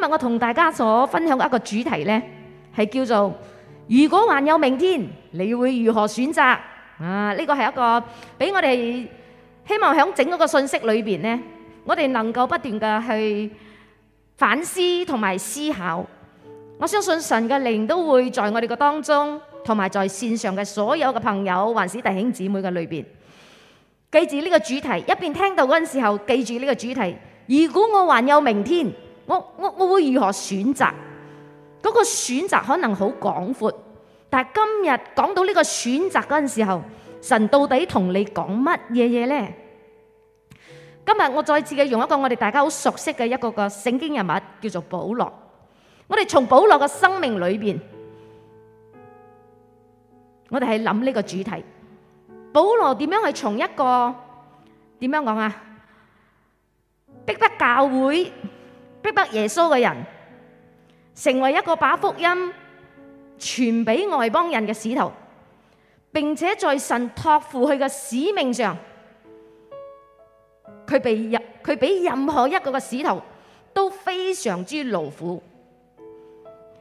今日我同大家所分享一個主題呢，係叫做如果還有明天，你會如何選擇啊？呢個係一個俾我哋希望喺整個信息裏邊呢，我哋能夠不斷嘅去反思同埋思考。我相信神嘅靈都會在我哋嘅當中，同埋在綫上嘅所有嘅朋友，還是弟兄姊妹嘅裏邊，記住呢個主題。一邊聽到嗰陣時候，記住呢個主題。如果我還有明天。我我我會如何選擇？嗰個選擇可能好廣闊，但係今日講到呢個選擇嗰陣時候，神到底同你講乜嘢嘢呢？今日我再次嘅用一個我哋大家好熟悉嘅一個個聖經人物叫做保羅。我哋從保羅嘅生命裏邊，我哋係諗呢個主題：保羅點樣係從一個點樣講啊？逼迫教會。逼迫耶穌嘅人，成為一個把福音傳俾外邦人嘅使徒，並且在神託付佢嘅使命上，佢被任佢比任何一個嘅使徒都非常之勞苦。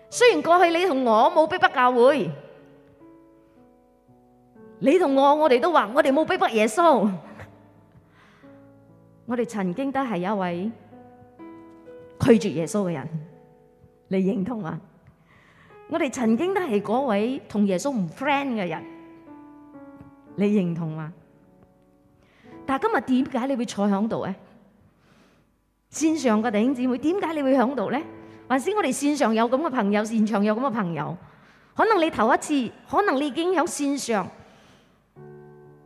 雖然過去你同我冇逼迫教會，你同我我哋都話我哋冇逼迫耶穌，我哋曾經都係一位。拒絕耶穌嘅人，你認同嗎？我哋曾經都係嗰位同耶穌唔 friend 嘅人，你認同嗎？但係今日點解你會坐喺度咧？線上嘅弟兄姊妹，點解你會響度咧？還是我哋線上有咁嘅朋友，現場有咁嘅朋友？可能你頭一次，可能你已經響線上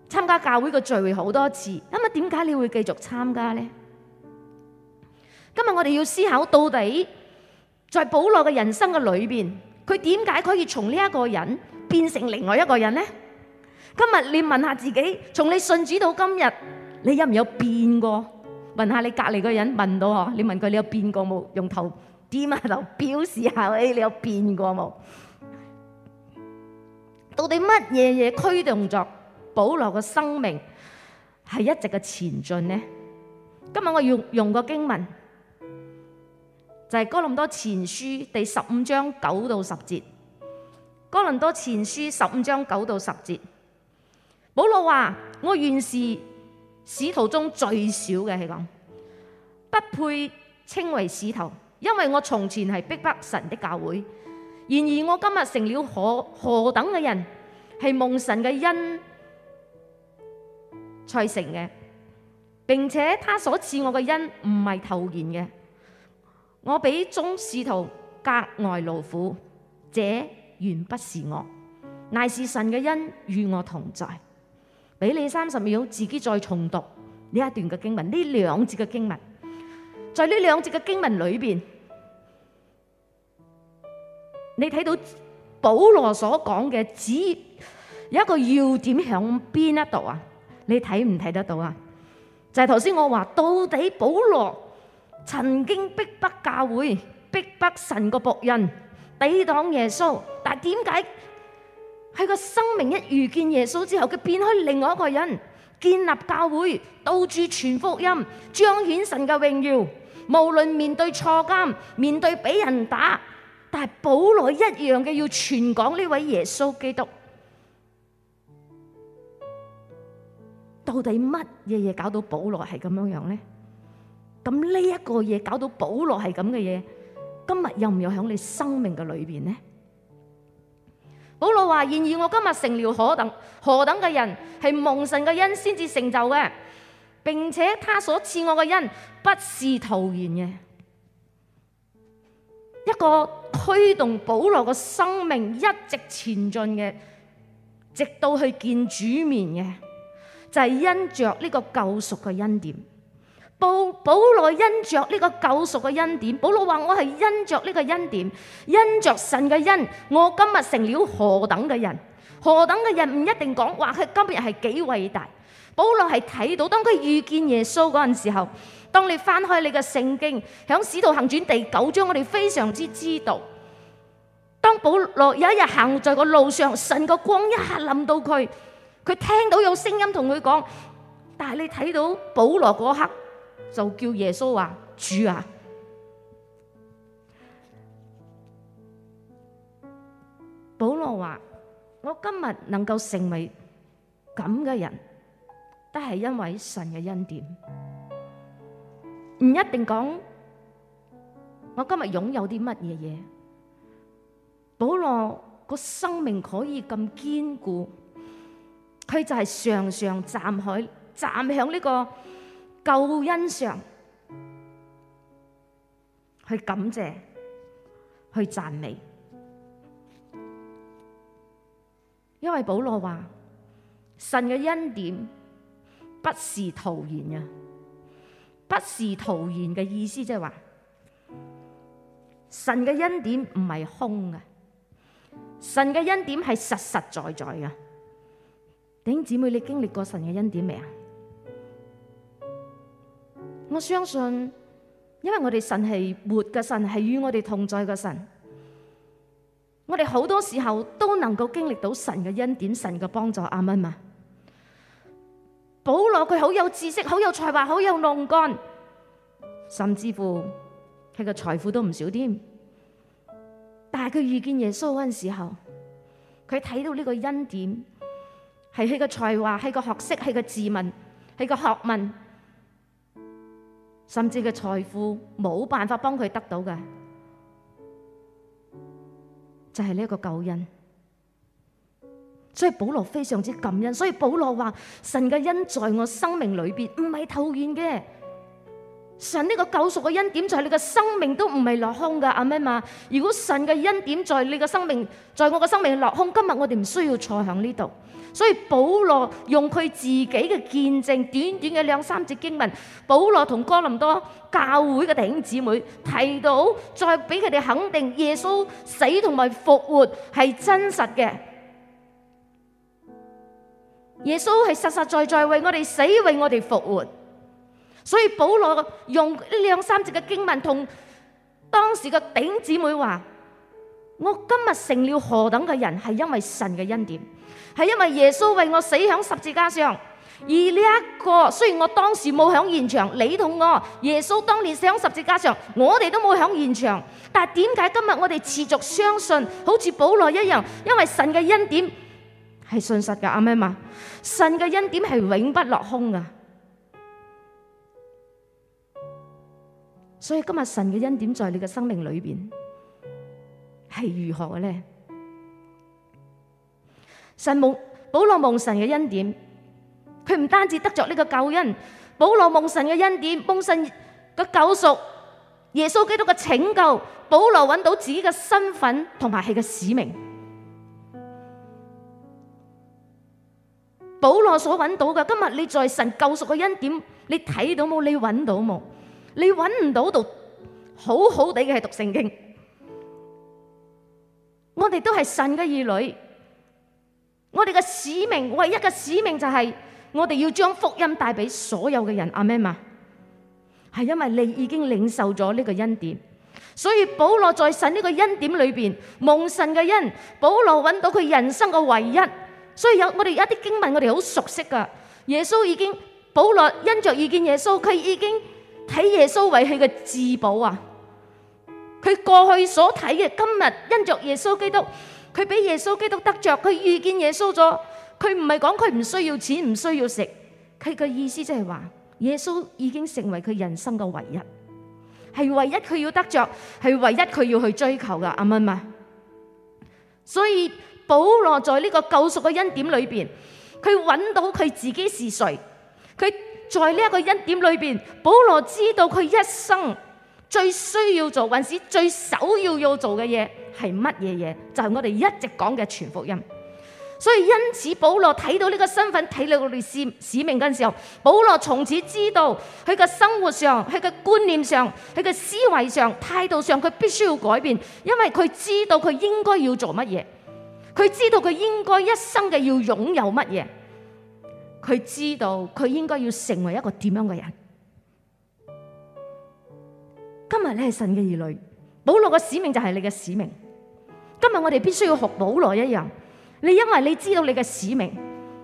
參加教會嘅聚會好多次，咁啊，點解你會繼續參加咧？今日我哋要思考，到底在保羅嘅人生嘅裏邊，佢點解可以從呢一個人變成另外一個人呢？今日你問下自己，從你信主到今日，你有唔有變過？問下你隔離個人，問到我，你問佢你有變過冇？用頭點下頭表示下，你有變過冇？到底乜嘢嘢驅動作保羅嘅生命係一直嘅前進呢？今日我用用個經文，就係、是、哥林多前書第十五章九到十節，哥林多前書十五章九到十節，保羅話：我原是使徒中最小嘅，係咁，不配稱為使徒，因為我從前係逼迫，迫神的教會，然而我今日成了何何等嘅人，係蒙神嘅恩才成嘅，並且他所賜我嘅恩唔係徒然嘅。我比眾使徒格外勞苦，這原不是我，乃是神嘅恩與我同在。俾你三十秒，自己再重讀呢一段嘅經文，呢兩節嘅經文，在呢兩節嘅經文裏邊，你睇到保羅所講嘅只有一個要點響邊一度啊？你睇唔睇得到啊？就係頭先我話到底保羅。曾經逼迫教會，逼迫神個僕人，抵擋耶穌。但係點解佢個生命一遇見耶穌之後，佢變開另外一個人，建立教會，到處傳福音，彰顯神嘅榮耀。無論面對錯監，面對俾人打，但係保羅一樣嘅要傳講呢位耶穌基督。到底乜嘢嘢搞到保羅係咁樣樣呢？咁呢一個嘢，搞到保羅係咁嘅嘢，今日又唔有喺你生命嘅裏邊呢？保羅話，然而我今日成了何等何等嘅人，係蒙神嘅恩先至成就嘅，並且他所賜我嘅恩不是徒然嘅。一個推動保羅嘅生命一直前進嘅，直到去見主面嘅，就係因着呢個救贖嘅恩典。保保羅因着呢個救贖嘅恩典，保羅話我係因着呢個恩典，因着神嘅恩，我今日成了何等嘅人？何等嘅人唔一定講話佢今日係幾偉大。保羅係睇到當佢遇見耶穌嗰陣時候，當你翻開你嘅聖經，響使徒行傳第九章，我哋非常之知道，當保羅有一日行在個路上，神個光一下冧到佢，佢聽到有聲音同佢講，但係你睇到保羅嗰刻。就叫耶穌話主啊，保羅話我今日能夠成為咁嘅人，都係因為神嘅恩典。唔一定講我今日擁有啲乜嘢嘢，保羅個生命可以咁堅固，佢就係常常站喺站喺呢個。夠欣賞，去感謝，去讚美，因為保羅話：神嘅恩，恩典不是徒然嘅，不是徒然嘅意思，即係話神嘅恩典唔係空嘅，神嘅恩典係實實在在嘅。弟兄姊妹，你經歷過神嘅恩典未啊？我相信，因為我哋神係活嘅神，係與我哋同在嘅神。我哋好多時候都能夠經歷到神嘅恩典、神嘅幫助。阿媽，保羅佢好有知識、好有才華、好有能幹，甚至乎佢嘅財富都唔少添。但係佢遇見耶穌嗰陣時候，佢睇到呢個恩典，係佢嘅才華，係個學識，係個自問，係個學問。甚至嘅財富冇辦法幫佢得到嘅，就係呢個救恩。所以保羅非常之感恩，所以保羅話：神嘅恩在我生命裏面，唔係徒然嘅。神呢個救贖嘅恩典就係你嘅生命都唔係落空噶，阿咩嘛。如果神嘅恩典在你嘅生命，在我嘅生命落空，今日我哋唔需要坐響呢度。所以保羅用佢自己嘅見證，短短嘅兩三節經文，保羅同哥林多教會嘅弟兄姊妹提到，再俾佢哋肯定耶穌死同埋復活係真實嘅。耶穌係實實在在為我哋死，為我哋復活。所以保羅用呢兩三節嘅經文同當時嘅頂姊妹話：我今日成了何等嘅人，係因為神嘅恩典，係因為耶穌為我死響十字架上。而呢、這、一個雖然我當時冇響現場，你同我耶穌當年死響十字架上，我哋都冇響現場。但係點解今日我哋持續相信，好似保羅一樣，因為神嘅恩典係信實嘅，阿媽咪，神嘅恩典係永不落空嘅。所以今日神嘅恩典在你嘅生命裏邊係如何嘅咧？神蒙保羅蒙神嘅恩典，佢唔單止得着呢個救恩，保羅蒙神嘅恩典，蒙神嘅救贖，耶穌基督嘅拯救，保羅揾到自己嘅身份同埋佢嘅使命。保羅所揾到嘅，今日你在神救贖嘅恩典，你睇到冇？你揾到冇？你揾唔到讀好好地嘅係讀聖經。我哋都係神嘅兒女，我哋嘅使命，唯一嘅使命就係、是、我哋要將福音帶俾所有嘅人。阿們，係因為你已經領受咗呢個恩典，所以保羅在神呢個恩典裏邊蒙神嘅恩，保羅揾到佢人生嘅唯一。所以有我哋一啲經文，我哋好熟悉噶。耶穌已經，保羅因着遇見耶穌，佢已經。睇耶穌為佢嘅至寶啊！佢過去所睇嘅，今日因着耶穌基督，佢俾耶穌基督得着，佢遇見耶穌咗。佢唔係講佢唔需要錢，唔需要食。佢嘅意思即係話，耶穌已經成為佢人生嘅唯一，係唯一佢要得着，係唯一佢要去追求噶。啱唔啱啊，所以保羅在呢個救贖嘅恩典裏邊，佢揾到佢自己是誰，佢。在呢一個恩典裏邊，保羅知道佢一生最需要做，還是最首要要做嘅嘢係乜嘢嘢？就係、是、我哋一直講嘅全福音。所以因此，保羅睇到呢個身份、睇到個歷史使命嗰陣時候，保羅從此知道佢嘅生活上、佢嘅觀念上、佢嘅思維上、態度上，佢必須要改變，因為佢知道佢應該要做乜嘢，佢知道佢應該一生嘅要擁有乜嘢。佢知道佢應該要成為一個點樣嘅人。今日你係神嘅兒女，保羅嘅使命就係你嘅使命。今日我哋必須要學保羅一樣，你因為你知道你嘅使命，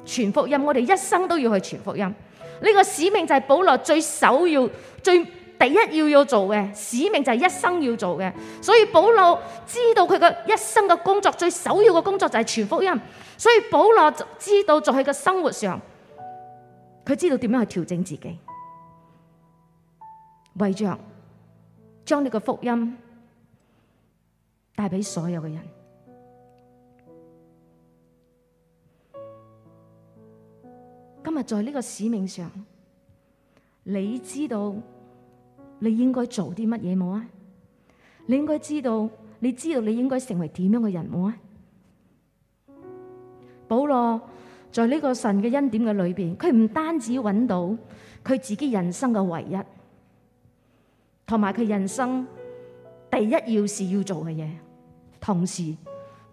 傳福音，我哋一生都要去傳福音。呢個使命就係保羅最首要、最第一要要做嘅使命，就係一生要做嘅。所以保羅知道佢嘅一生嘅工作最首要嘅工作就係傳福音。所以保羅知道在佢嘅生活上。佢知道點樣去調整自己，為着將呢個福音帶俾所有嘅人。今日在呢個使命上，你知道你應該做啲乜嘢冇啊？你應該知道，你知道你應該成為點樣嘅人冇啊？保羅。在呢個神嘅恩典嘅裏邊，佢唔單止揾到佢自己人生嘅唯一，同埋佢人生第一要事要做嘅嘢，同時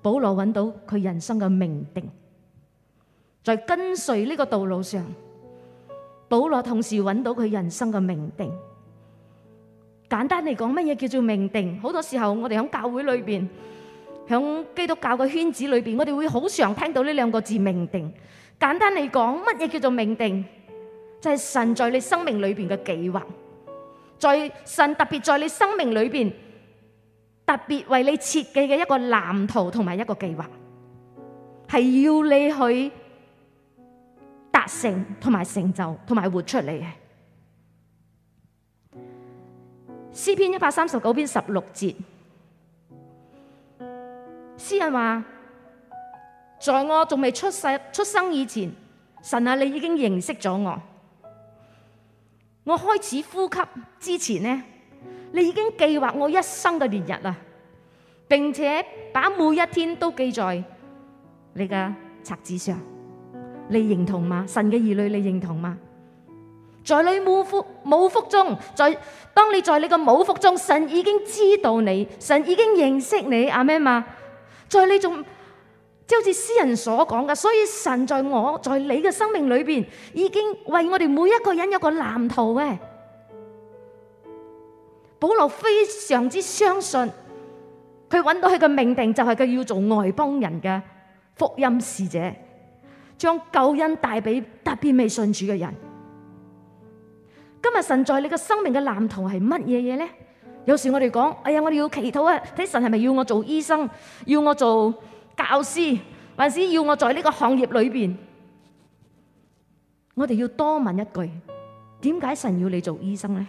保羅揾到佢人生嘅命定。在跟隨呢個道路上，保羅同時揾到佢人生嘅命定。簡單嚟講，乜嘢叫做命定？好多時候我哋喺教會裏邊。響基督教嘅圈子裏邊，我哋會好常聽到呢兩個字命定。簡單嚟講，乜嘢叫做命定？就係神在你生命裏邊嘅計劃，在神特別在你生命裏邊特別為你設計嘅一個藍圖同埋一個計劃，係要你去達成同埋成就同埋活出嚟嘅。詩篇一百三十九篇十六節。詩人話：在我仲未出世，出生以前，神啊，你已經認識咗我。我開始呼吸之前呢，你已經計劃我一生嘅年日啦，並且把每一天都記在你嘅冊子上。你認同嗎？神嘅兒女，你認同嗎？在你母腹母腹中，在當你在你嘅母腹中，神已經知道你，神已經認識你阿咩嘛、啊？在你仲，即好似詩人所講嘅，所以神在我、在你嘅生命裏邊，已經為我哋每一個人有個藍圖嘅。保羅非常之相信，佢揾到佢嘅命定就係佢要做外邦人嘅福音使者，將救恩帶俾特別未信主嘅人。今日神在你嘅生命嘅藍圖係乜嘢嘢咧？有時我哋講,哎呀,我哋要祈禱啊,睇神係咪要我做醫生,要我做教師,還是要我在呢個行業裡面。我哋要多問一句,點解神要你做醫生呢?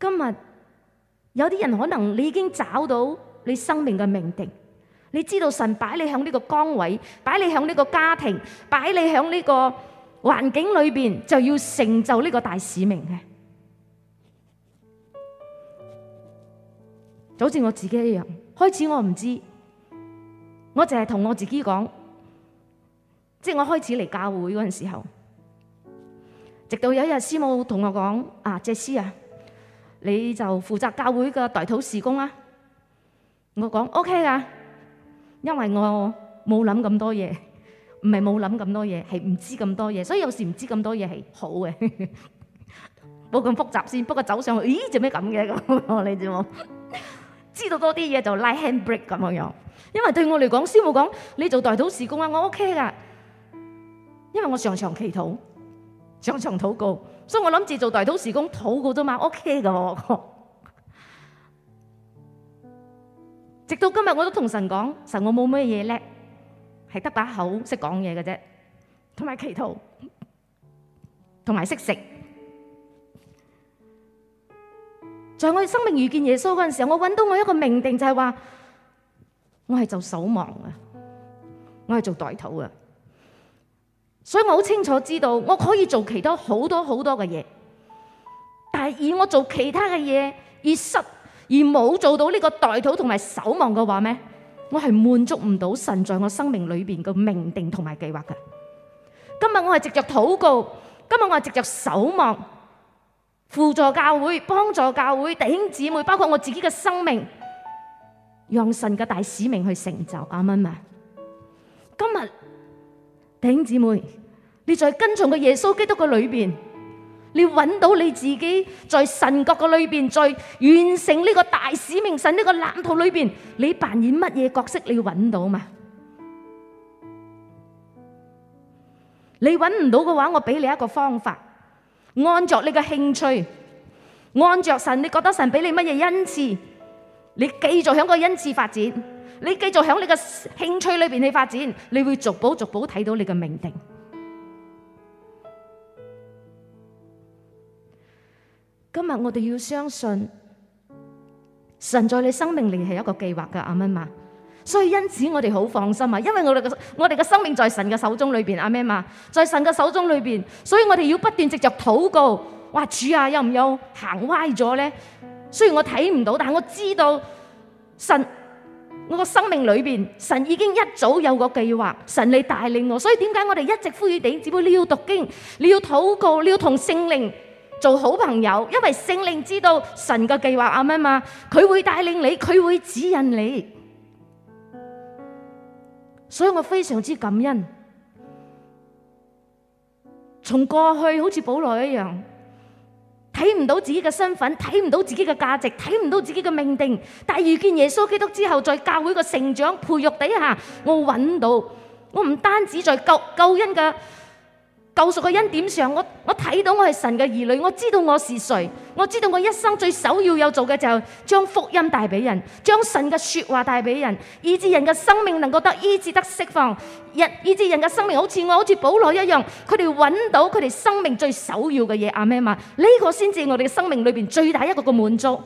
今日有啲人可能你已經找到你生命嘅命定,你知道神擺你響呢個崗位,擺你響呢個家庭,擺你響呢個環境裏邊就要成就呢個大使命嘅，就好似我自己一樣。開始我唔知，我淨係同我自己講，即係我開始嚟教會嗰陣時候，直到有一日師母同我講：啊，謝師啊，你就負責教會嘅代禱事工啊說。」我講 O K 噶，因為我冇諗咁多嘢。唔係冇諗咁多嘢，係唔知咁多嘢，所以有時唔知咁多嘢係好嘅，冇咁複雜先。不過走上去，咦，做咩咁嘅咁？你知冇？知道多啲嘢就拉 handbrake 咁嘅樣。因為對我嚟講，師傅講你做代禱事工啊，我 OK 噶。因為我上場祈禱，上場禱告，所以我諗住做代禱事工禱告啫嘛，OK 噶。直到今日我都同神講，神，我冇咩嘢叻。係得把口識講嘢嘅啫，同埋祈禱，同埋識食。在我哋生命遇見耶穌嗰陣時候，我揾到我一個命定就係話，我係做守望啊，我係做代禱啊。所以我好清楚知道，我可以做其他好多好多嘅嘢，但係以我做其他嘅嘢而失而冇做到呢個代禱同埋守望嘅話咩？我係滿足唔到神在我生命裏面嘅命定同埋計劃嘅。今日我係執著禱告，今日我係執著守望，輔助教會，幫助教會，弟兄姊妹，包括我自己嘅生命，讓神嘅大使命去成就，啱唔啱？今日，弟兄姊妹，你在跟從耶穌基督嘅裏面，你揾到你自己在神國嘅裏邊，在完成呢個大使命，神呢個藍圖裏邊，你扮演乜嘢角色？你揾到嘛？你揾到嘛？你揾唔到嘅話，我俾你一個方法，按着你嘅興趣，按着神，你覺得神俾你乜嘢恩賜，你繼續響個恩賜發展，你繼續響你嘅興趣裏邊去發展，你會逐步逐步睇到你嘅命定。今日我哋要相信神在你生命裏係一個計劃噶阿媽嘛，所以因此我哋好放心啊，因為我哋個我哋嘅生命在神嘅手中裏邊阿媽嘛，在神嘅手中裏邊，所以我哋要不斷藉着禱告，哇主啊，有唔有行歪咗咧？雖然我睇唔到，但我知道神我個生命裏邊神已經一早有一個計劃，神你帶領我，所以點解我哋一直呼籲你，只不過你要讀經，你要禱告，你要同聖靈。做好朋友，因為聖靈知道神嘅計劃啊嘛，佢會帶領你，佢會指引你，所以我非常之感恩。從過去好似保羅一樣，睇唔到自己嘅身份，睇唔到自己嘅價值，睇唔到自己嘅命定，但係遇見耶穌基督之後，在教會嘅成長培育底下，我揾到，我唔單止在救救恩嘅。救贖嘅恩典上，我我睇到我係神嘅兒女，我知道我是誰，我知道我一生最首要有做嘅就係將福音帶俾人，將神嘅說話帶俾人，以至人嘅生命能夠得醫治得釋放，日以至人嘅生命好似我好似保羅一樣，佢哋揾到佢哋生命最首要嘅嘢阿咩嘛？呢、這個先至我哋嘅生命裏邊最大一個嘅滿足，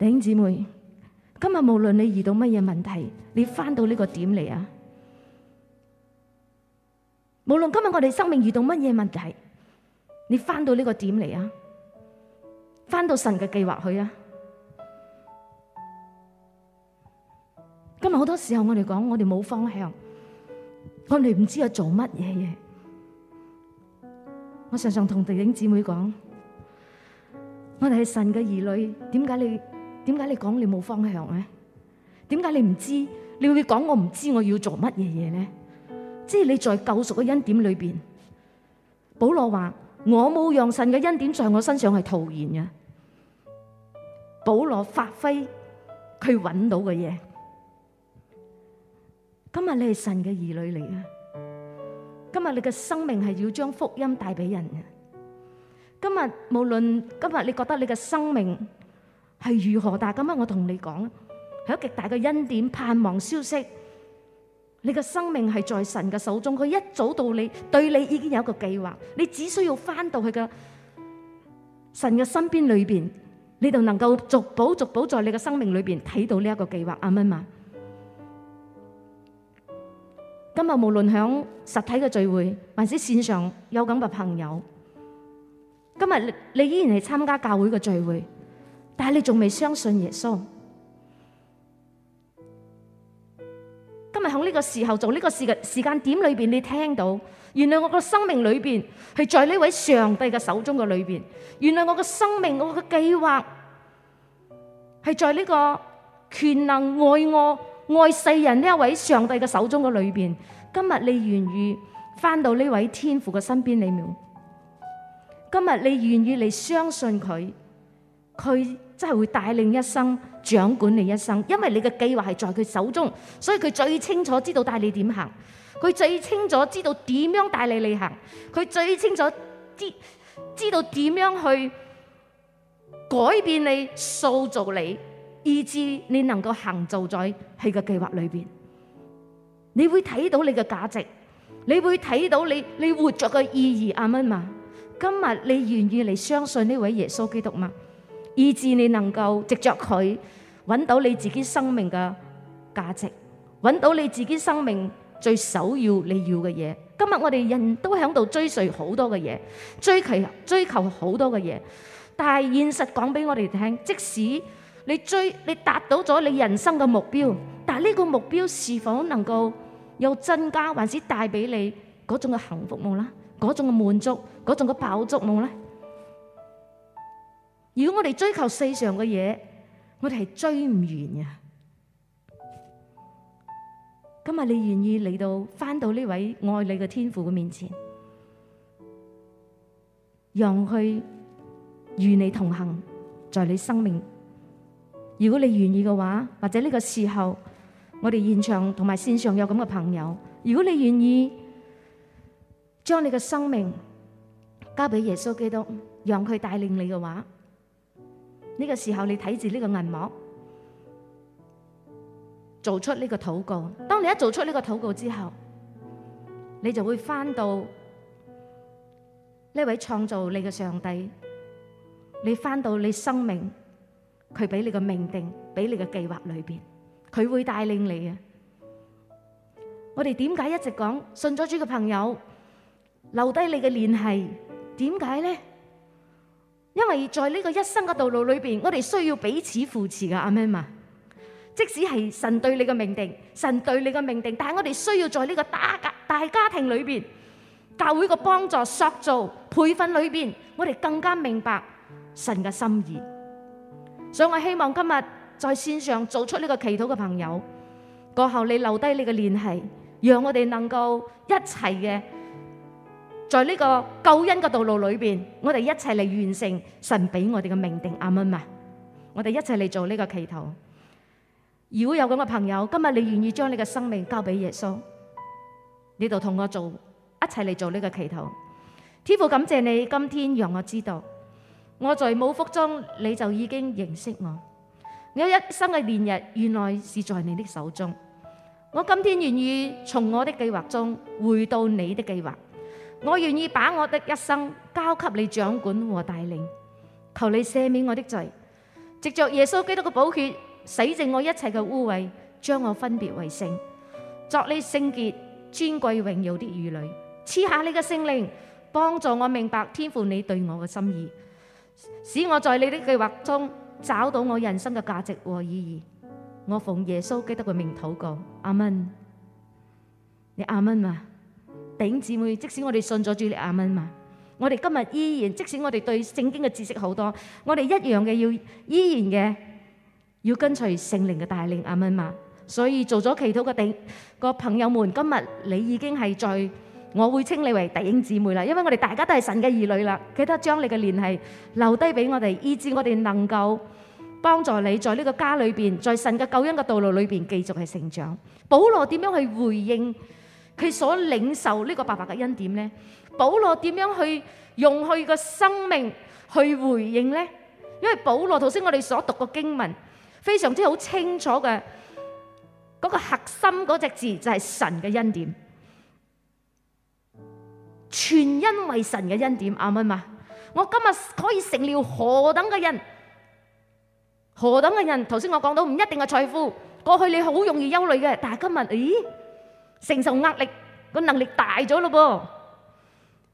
弟兄姊妹。今日無論你遇到乜嘢問題，你返到呢個點嚟啊！無論今日我哋生命遇到乜嘢問題，你返到呢個點嚟啊！返到神嘅計劃去啊！今日好多時候我哋講，我哋冇方向，我哋唔知去做乜嘢嘢。我常常同弟兄姊妹講，我哋係神嘅兒女，點解你？點解你講你冇方向咧？點解你唔知你會講我唔知我要做乜嘢嘢咧？即係你在救贖嘅恩典裏邊，保羅話我冇讓神嘅恩典在我身上係徒然嘅。保羅發揮佢揾到嘅嘢。今日你係神嘅兒女嚟嘅，今日你嘅生命係要將福音帶俾人嘅。今日無論今日你覺得你嘅生命，係如何？但係今日我同你講，喺極大嘅恩典盼望消息，你嘅生命係在神嘅手中。佢一早到你，對你已經有一個計劃。你只需要翻到佢嘅神嘅身邊裏邊，你就能夠逐步逐步在你嘅生命裏邊睇到呢一個計劃。明白嘛？今日無論響實體嘅聚會，還是線上有咁嘅朋友，今日你依然係參加教會嘅聚會。但係你仲未相信耶穌？今日喺呢個時候，做呢個時間時間點裏邊，你聽到原來我個生命裏邊係在呢位上帝嘅手中嘅裏邊。原來我個生命，我嘅計劃係在呢個全能愛我愛世人呢一位上帝嘅手中嘅裏邊。今日你願意返到呢位天父嘅身邊裏面？今日你願意嚟相信佢？佢？真係會帶領一生掌管你一生，因為你嘅計劃係在佢手中，所以佢最清楚知道帶你點行，佢最清楚知道點樣帶你嚟行，佢最清楚知知道點樣去改變你、塑造你，以至你能夠行走在佢嘅計劃裏邊。你會睇到你嘅價值，你會睇到你你活着嘅意義。阿媽嘛，今日你願意嚟相信呢位耶穌基督嗎？以至你能夠藉着佢揾到你自己生命嘅價值，揾到你自己生命最首要你要嘅嘢。今日我哋人都響度追隨好多嘅嘢，追求追求好多嘅嘢，但係現實講俾我哋聽，即使你追你達到咗你人生嘅目標，但係呢個目標是否能夠有增加，還是帶俾你嗰種嘅幸福夢啦，嗰種嘅滿足，嗰種嘅飽足夢咧？如果我哋追求世上嘅嘢，我哋係追唔完啊。今日你願意嚟到翻到呢位愛你嘅天父嘅面前，讓佢與你同行，在你生命。如果你願意嘅話，或者呢個時候，我哋現場同埋線上有咁嘅朋友，如果你願意將你嘅生命交俾耶穌基督，讓佢帶領你嘅話。呢個時候你睇住呢個銀幕，做出呢個禱告。當你一做出呢個禱告之後，你就會返到呢位創造你嘅上帝，你返到你生命佢俾你嘅命定，俾你嘅計劃裏邊，佢會帶領你嘅。我哋點解一直講信咗主嘅朋友留低你嘅聯繫？點解咧？因為在呢個一生嘅道路裏邊，我哋需要彼此扶持嘅，阿們。即使係神對你嘅命定，神對你嘅命定，但係我哋需要在呢個大家大家庭裏邊，教會嘅幫助塑造、培訓裏邊，我哋更加明白神嘅心意。所以我希望今日在線上做出呢個祈禱嘅朋友，過後你留低你嘅聯繫，讓我哋能夠一齊嘅。在呢個救恩嘅道路裏邊，我哋一齊嚟完成神俾我哋嘅命定，阿們。我哋一齊嚟做呢個祈禱。如果有咁嘅朋友，今日你願意將你嘅生命交俾耶穌，你就同我做一齊嚟做呢個祈禱。天父感謝你，今天讓我知道我在母腹中你就已經認識我。我一生嘅年日原來是在你的手中。我今天願意從我的計劃中回到你的計劃。我願意把我的一生交給你掌管和帶領，求你赦免我的罪，藉着耶穌基督嘅寶血洗淨我一切嘅污穢，將我分別為聖，作你聖潔尊貴榮耀的兒女。賜下你嘅聖靈，幫助我明白天父你對我嘅心意，使我在你的計劃中找到我人生嘅價值和意義。我奉耶穌基督嘅名禱告，阿門。你阿門嘛？弟兄姊妹，即使我哋信咗主嘞，阿們嘛，我哋今日依然，即使我哋對聖經嘅知識好多，我哋一樣嘅要，依然嘅要跟隨聖靈嘅帶領，阿們嘛。所以做咗祈禱嘅弟個朋友們，今日你已經係在，我會稱你為弟兄姊妹啦。因為我哋大家都係神嘅兒女啦，記得將你嘅聯繫留低俾我哋，以至我哋能夠幫助你在呢個家裏邊，在神嘅救恩嘅道路裏邊繼續去成長。保羅點樣去回應？佢所領受呢個白白嘅恩典呢，保羅點樣去用佢個生命去回應呢？因為保羅頭先我哋所讀個經文非常之好清楚嘅，嗰、那個核心嗰隻字就係、是、神嘅恩典，全因為神嘅恩典。啱㗎嘛，我今日可以成了何等嘅人？何等嘅人？頭先我講到唔一定係財富，過去你好容易憂慮嘅，但係今日咦？承受壓力個能力大咗咯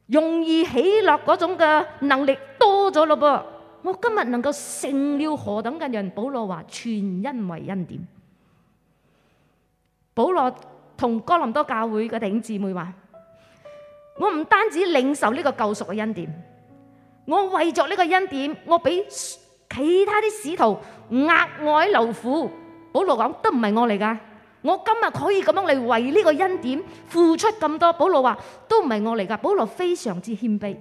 噃，容易起落嗰種嘅能力多咗咯噃。我今日能夠成了何等嘅人？保羅話：全因為恩典。保羅同哥林多教會嘅弟兄姊妹話：我唔單止領受呢個救贖嘅恩典，我為咗呢個恩典，我比其他啲使徒額外勞苦。保羅講：都唔係我嚟㗎。我今日可以咁樣嚟，為呢個恩典付出咁多，保羅話都唔係我嚟噶。保羅非常之謙卑，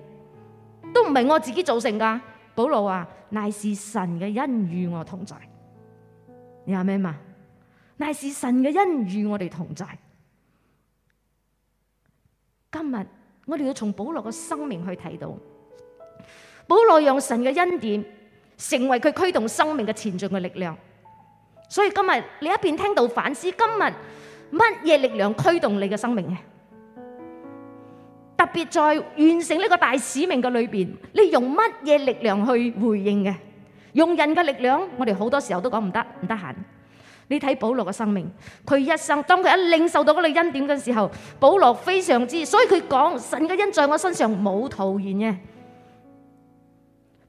都唔係我自己造成噶。保羅話乃是神嘅恩與我同在，你話咩嘛？乃是神嘅恩與我哋同在。今日我哋要從保羅嘅生命去睇到，保羅讓神嘅恩典成為佢驅動生命嘅前進嘅力量。所以今日你一邊聽到反思，今日乜嘢力量驅動你嘅生命嘅？特別在完成呢個大使命嘅裏邊，你用乜嘢力量去回應嘅？用人嘅力量，我哋好多時候都講唔得，唔得閒。你睇保羅嘅生命，佢一生當佢一領受到嗰個恩典嘅時候，保羅非常之，所以佢講神嘅恩在我身上冇徒然嘅。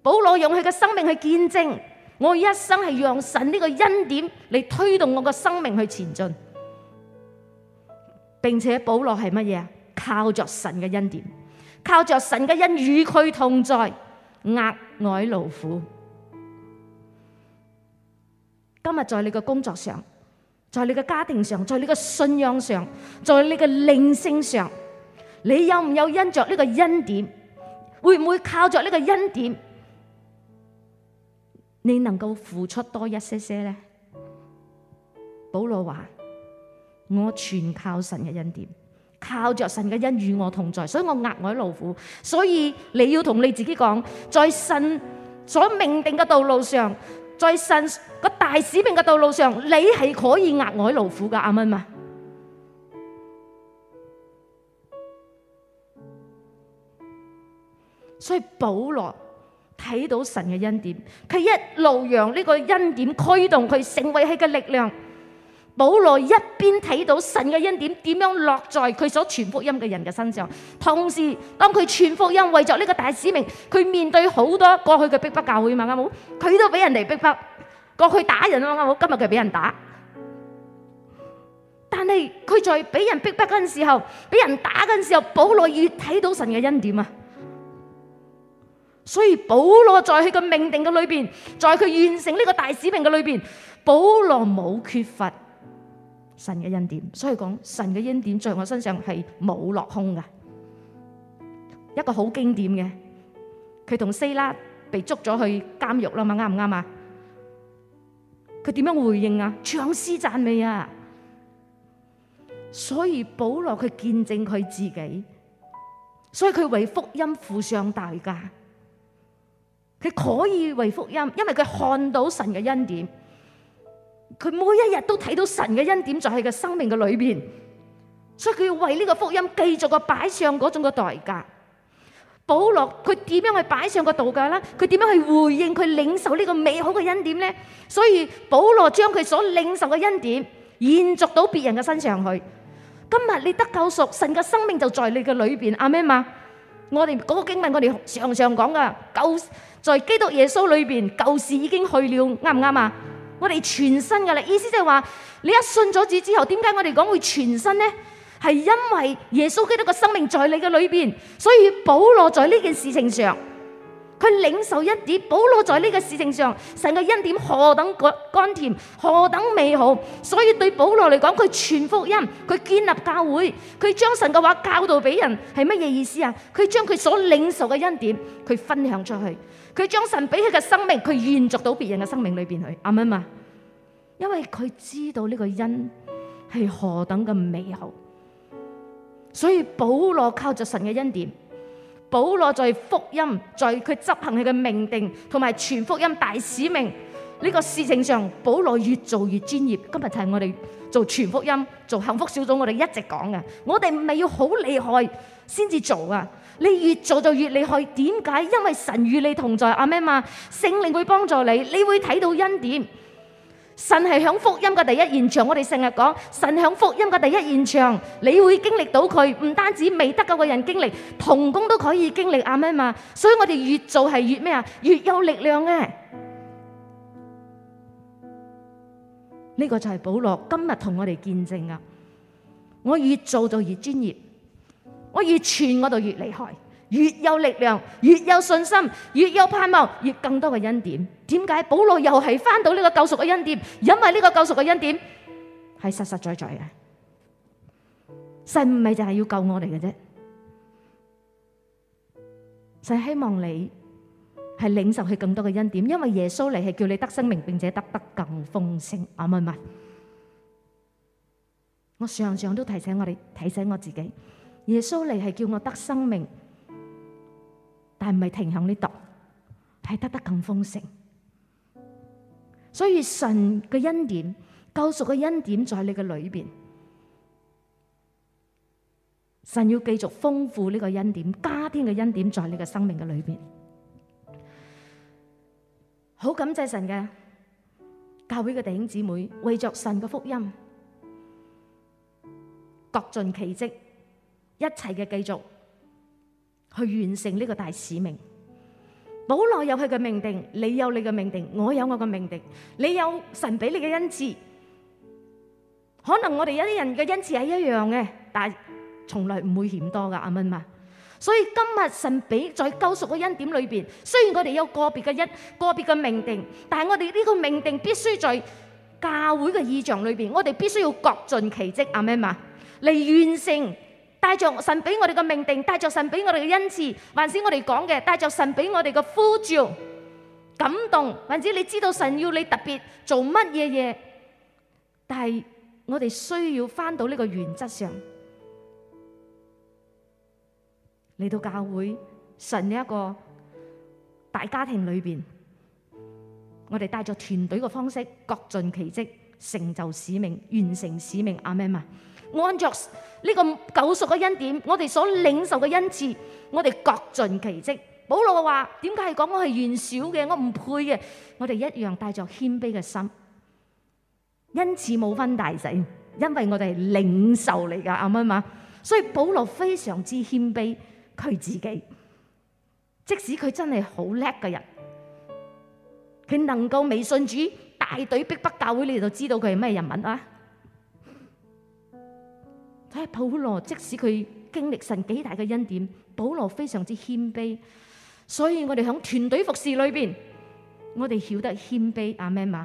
保羅用佢嘅生命去見證。我一生係讓神呢個恩典嚟推動我個生命去前進，並且保羅係乜嘢啊？靠着神嘅恩典，靠着神嘅恩與佢同在，額外勞苦。今日在你嘅工作上，在你嘅家庭上，在你嘅信仰上，在你嘅靈性上，你有唔有因着呢個恩典？會唔會靠着呢個恩典？你能夠付出多一些些呢？保羅話：我全靠神嘅恩典，靠着神嘅恩與我同在，所以我額外勞苦。所以你要同你自己講，在神所命定嘅道路上，在神個大使命嘅道路上，你係可以額外勞苦噶，阿 min 嘛。所以保羅。睇到神嘅恩典，佢一路讓呢個恩典驅動佢成為佢嘅力量。保羅一邊睇到神嘅恩典點樣落在佢所傳福音嘅人嘅身上，同時當佢傳福音為咗呢個大使命，佢面對好多過去嘅逼迫教會嘛啱唔啱？佢都俾人哋逼迫，過去打人啊啱唔啱？今日佢俾人打，但係佢在俾人逼迫嗰陣時候，俾人打嗰陣時候，保羅越睇到神嘅恩典啊！所以保羅在佢個命定嘅裏邊，在佢完成呢個大使命嘅裏邊，保羅冇缺乏神嘅恩典。所以講神嘅恩典在我身上係冇落空噶。一個好經典嘅，佢同西拉被捉咗去監獄啦嘛，啱唔啱啊？佢點樣回應啊？唱詩讚美啊！所以保羅佢見證佢自己，所以佢為福音付上代價。你可以為福音，因為佢看到神嘅恩典，佢每一日都睇到神嘅恩典在佢嘅生命嘅裏邊，所以佢要為呢個福音繼續個擺上嗰種嘅代價。保羅佢點樣去擺上個代價呢？佢點樣去回應佢領受呢個美好嘅恩典呢？所以保羅將佢所領受嘅恩典延續到別人嘅身上去。今日你得救贖，神嘅生命就在你嘅裏邊，阿們嘛。我哋嗰個經文，我哋常常講噶，舊在基督耶穌裏邊，舊事已經去了，啱唔啱啊？我哋全新噶啦，意思即係話，你一信咗主之後，點解我哋講會全新呢？係因為耶穌基督嘅生命在你嘅裏邊，所以保羅在呢件事情上，佢領受恩典，保羅在呢個事情上，神嘅恩典何等甘甜，何等美好。所以對保羅嚟講，佢傳福音，佢建立教會，佢將神嘅話教導俾人，係乜嘢意思啊？佢將佢所領受嘅恩典，佢分享出去，佢將神俾佢嘅生命，佢延續到別人嘅生命裏邊去。啱唔啱啊？因為佢知道呢個恩係何等嘅美好，所以保羅靠着神嘅恩典。保羅在福音，在佢執行佢嘅命定同埋全福音大使命呢個事情上，保羅越做越專業。今日就係我哋做全福音、做幸福小組，我哋一直講嘅，我哋唔係要好厲害先至做啊！你越做就越厲害，點解？因為神與你同在，阿們嘛，聖靈會幫助你，你會睇到恩典。神係響福音嘅第一現場，我哋成日講神響福音嘅第一現場，你會經歷到佢，唔單止未得救嘅人經歷，同工都可以經歷啊咩嘛，所以我哋越做係越咩啊，越有力量嘅。呢個就係保羅今日同我哋見證啊，我越做就越專業，我越傳我就越厲害。越有力量，越有信心，越有盼望，越更多嘅恩典。點解保羅又係返到呢個救贖嘅恩典？因為呢個救贖嘅恩典係實實在在嘅。神唔係就係要救我哋嘅啫，神希望你係領受佢更多嘅恩典，因為耶穌嚟係叫你得生命，並且得得更豐盛。啊唔係唔係，我常常都提醒我哋，提醒我自己，耶穌嚟係叫我得生命。係咪停響呢度？係得得更豐盛。所以神嘅恩典、救贖嘅恩典在你嘅裏邊，神要繼續豐富呢個恩典、加添嘅恩典在你嘅生命嘅裏邊。好感謝神嘅教會嘅弟兄姊妹，為着神嘅福音，各盡其職，一切嘅繼續。去完成呢個大使命。保羅有佢嘅命定，你有你嘅命定，我有我嘅命定。你有神俾你嘅恩賜，可能我哋有啲人嘅恩賜係一樣嘅，但係從來唔會嫌多噶。阿媽，所以今日神俾在救贖嘅恩典裏邊，雖然我哋有個別嘅恩，個別嘅命定，但係我哋呢個命定必須在教會嘅異象裏邊，我哋必須要各盡其職。阿媽，嚟完成。帶着神俾我哋嘅命定，帶着神俾我哋嘅恩賜，還是我哋講嘅，帶着神俾我哋嘅呼召、感動，或者你知道神要你特別做乜嘢嘢，但係我哋需要返到呢個原則上，嚟到教會神嘅一個大家庭裏邊，我哋帶着團隊嘅方式，各盡其職，成就使命，完成使命。阿們。安着呢個救贖嘅恩典，我哋所領受嘅恩賜，我哋各盡其職。保羅話：點解係講我係元小嘅，我唔配嘅？我哋一樣帶着謙卑嘅心，因此冇分大細，因為我哋係領袖嚟噶，啱唔啱啊？所以保羅非常之謙卑佢自己，即使佢真係好叻嘅人，佢能夠未信主，大隊逼迫教會，你就知道佢係咩人物啊！唉，保羅即使佢經歷神幾大嘅恩典，保羅非常之謙卑，所以我哋喺團隊服侍裏邊，我哋曉得謙卑。阿媽，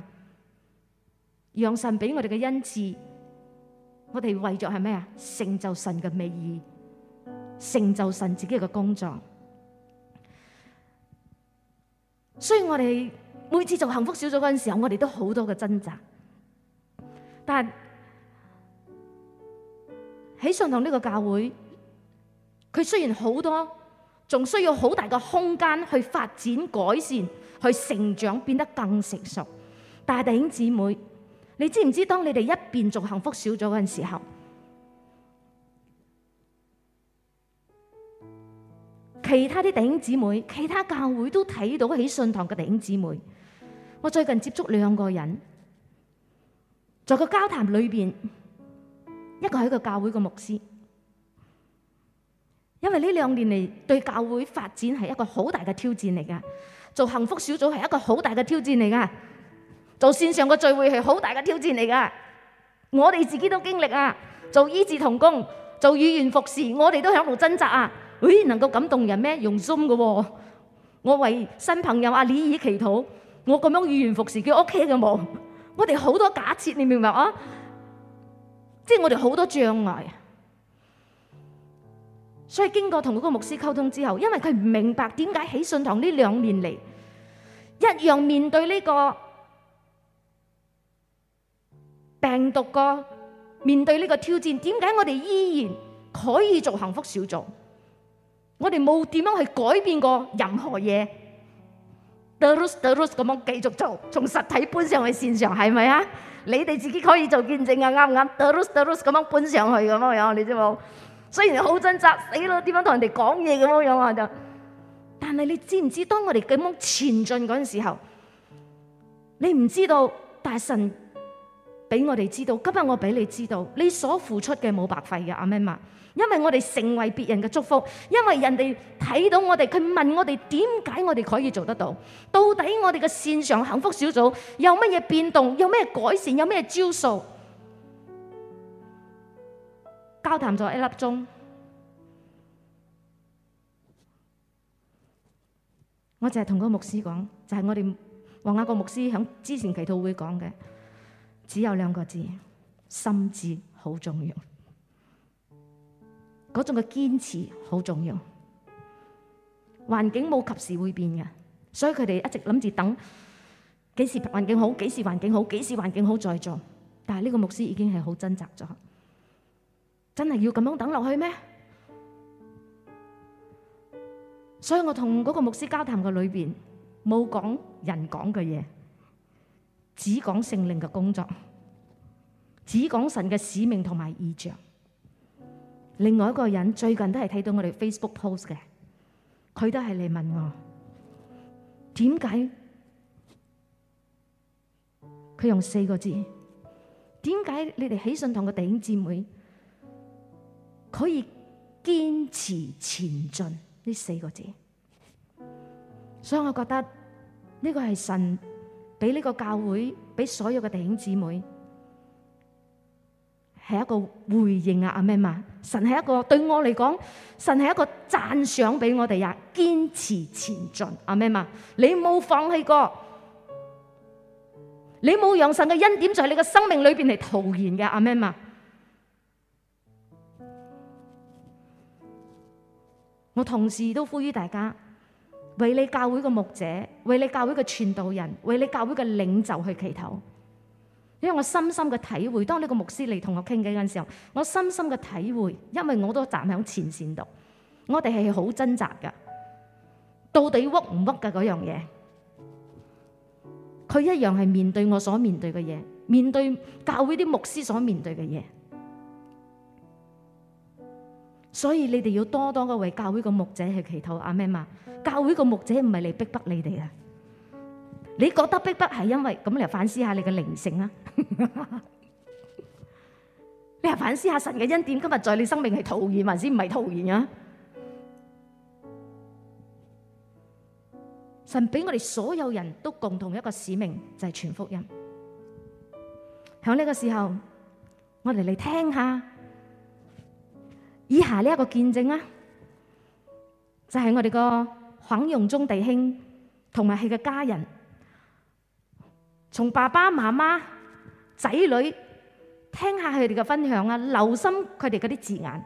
讓神俾我哋嘅恩賜，我哋為咗係咩啊？成就神嘅美意，成就神自己嘅工作。所以我哋每次做幸福小組嗰陣時候，我哋都好多嘅掙扎，但係。喺信堂呢個教會，佢雖然好多，仲需要好大嘅空間去發展改善，去成長變得更成熟。但係弟兄姊妹，你知唔知道當你哋一邊做幸福小組嗰陣時候，其他啲弟兄姊妹，其他教會都睇到喺信堂嘅弟兄姊妹。我最近接觸兩個人，在個交談裏邊。一個係一個教會個牧師，因為呢兩年嚟對教會發展係一個好大嘅挑戰嚟噶，做幸福小組係一個好大嘅挑戰嚟噶，做線上嘅聚會係好大嘅挑戰嚟噶。我哋自己都經歷啊，做醫治同工，做語言服侍，我哋都響度掙扎啊、哎。咦，能夠感動人咩？用 Zoom 嘅喎。我為新朋友阿李爾祈禱，我咁樣語言服侍，叫 OK 嘅冇，我哋好多假設，你明白啊？即係我哋好多障礙，所以經過同嗰個牧師溝通之後，因為佢唔明白點解喺信堂呢兩年嚟，一樣面對呢個病毒個面對呢個挑戰，點解我哋依然可以做幸福小組？我哋冇點樣去改變過任何嘢，do do 咁樣繼續做，從實體搬上去線上，係咪啊？你哋自己可以做見證啊，啱唔啱？drus drus 咁樣搬上去咁樣樣，你知冇？雖然好掙扎，死咯，點樣同人哋講嘢咁樣樣啊？就，但係你知唔知？當我哋咁樣前進嗰陣時候，你唔知道，大神。俾我哋知道，今日我俾你知道，你所付出嘅冇白費嘅，阿媽咪，因為我哋成為別人嘅祝福，因為人哋睇到我哋，佢問我哋點解我哋可以做得到？到底我哋嘅線上幸福小組有乜嘢變動？有咩改善？有咩招數？交談咗一粒鐘，我就係同個牧師講，就係、是、我哋黃亞國牧師響之前祈禱會講嘅。只有兩個字，心智好重要。嗰種嘅堅持好重要。環境冇及時會變嘅，所以佢哋一直諗住等幾時環境好，幾時環境好，幾時環境好再做。但係呢個牧師已經係好掙扎咗，真係要咁樣等落去咩？所以我同嗰個牧師交談嘅裏面冇講人講嘅嘢。只講聖靈嘅工作，只講神嘅使命同埋異象。另外一個人最近都係睇到我哋 Facebook post 嘅，佢都係嚟問我，點解？佢用四個字，點解你哋喜信堂嘅弟兄姊妹可以堅持前進？呢四個字，所以我覺得呢個係神。俾呢個教會，俾所有嘅弟兄姊妹，係一個回應啊！阿咩嘛，神係一個對我嚟講，神係一個讚賞俾我哋啊！堅持前進，阿咩嘛，你冇放棄過，你冇讓神嘅恩典在你嘅生命裏邊嚟徒然嘅，阿咩嘛。我同時都呼籲大家。為你教會嘅牧者，為你教會嘅傳道人，為你教會嘅領袖去祈禱，因為我深深嘅體會，當呢個牧師嚟同我傾偈嘅時候，我深深嘅體會，因為我都站喺前線度，我哋係好掙扎噶，到底屈唔屈嘅嗰樣嘢，佢一樣係面對我所面對嘅嘢，面對教會啲牧師所面對嘅嘢。所以你哋要多多嘅為教會個牧者去祈禱，阿咩嘛？教會個牧者唔係嚟逼迫你哋嘅，你覺得逼迫係因為咁嚟反思下你嘅靈性啦。你係反思下神嘅恩典，今日在你生命係徒然還是唔係徒然啊？神俾我哋所有人都共同一個使命，就係全福音。響呢個時候，我哋嚟聽下。以下呢一個見證啊，就係、是、我哋個響容中弟兄同埋佢嘅家人，從爸爸媽媽仔女聽下佢哋嘅分享啊，留心佢哋嗰啲字眼。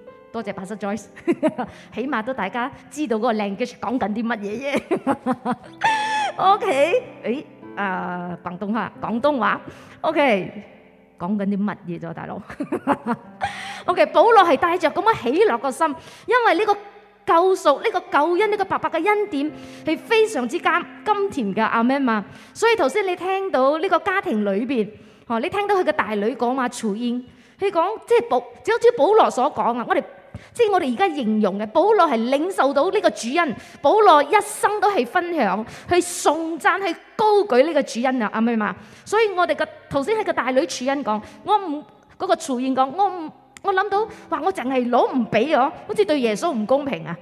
多謝 Pastor Joyce，起碼都大家知道嗰個靚 gist 講緊啲乜嘢耶？OK，誒啊，廣東話，廣東話，OK，講緊啲乜嘢咗，大佬？OK，保羅係帶着咁樣喜樂個心，因為呢個救贖，呢個救恩，呢個白白嘅恩典係非常之甘甘甜嘅，Amen 嘛。所以頭先你聽到呢個家庭裏邊，哦，你聽到佢嘅大女講話，儲英，佢講即係保，就好似保羅所講啊，我哋。即係我哋而家形容嘅保羅係領受到呢個主恩，保羅一生都係分享，去頌讚，去高舉呢個主恩啊。啱唔啱？所以我哋個頭先係個大女主恩講，我唔嗰個曹燕講，我唔我諗到話我淨係攞唔俾啊，好似對耶穌唔公平啊。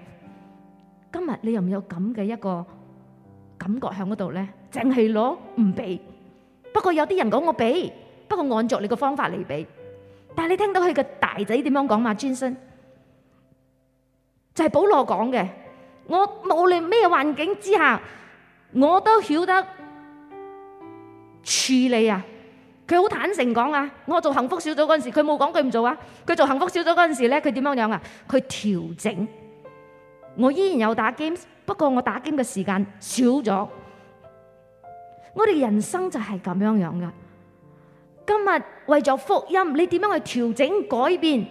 今日你又唔有咁嘅一個感覺喺嗰度咧？淨係攞唔俾，不過有啲人講我俾，不過按着你個方法嚟俾。但係你聽到佢個大仔點樣講嘛？專心。就係保羅講嘅，我無論咩環境之下，我都曉得處理啊。佢好坦誠講啊。我做幸福小組嗰陣時，佢冇講佢唔做啊。佢做幸福小組嗰陣時咧，佢點樣樣啊？佢調整。我依然有打 games，不過我打 game 嘅時間少咗。我哋人生就係咁樣樣噶。今日為咗福音，你點樣去調整改變？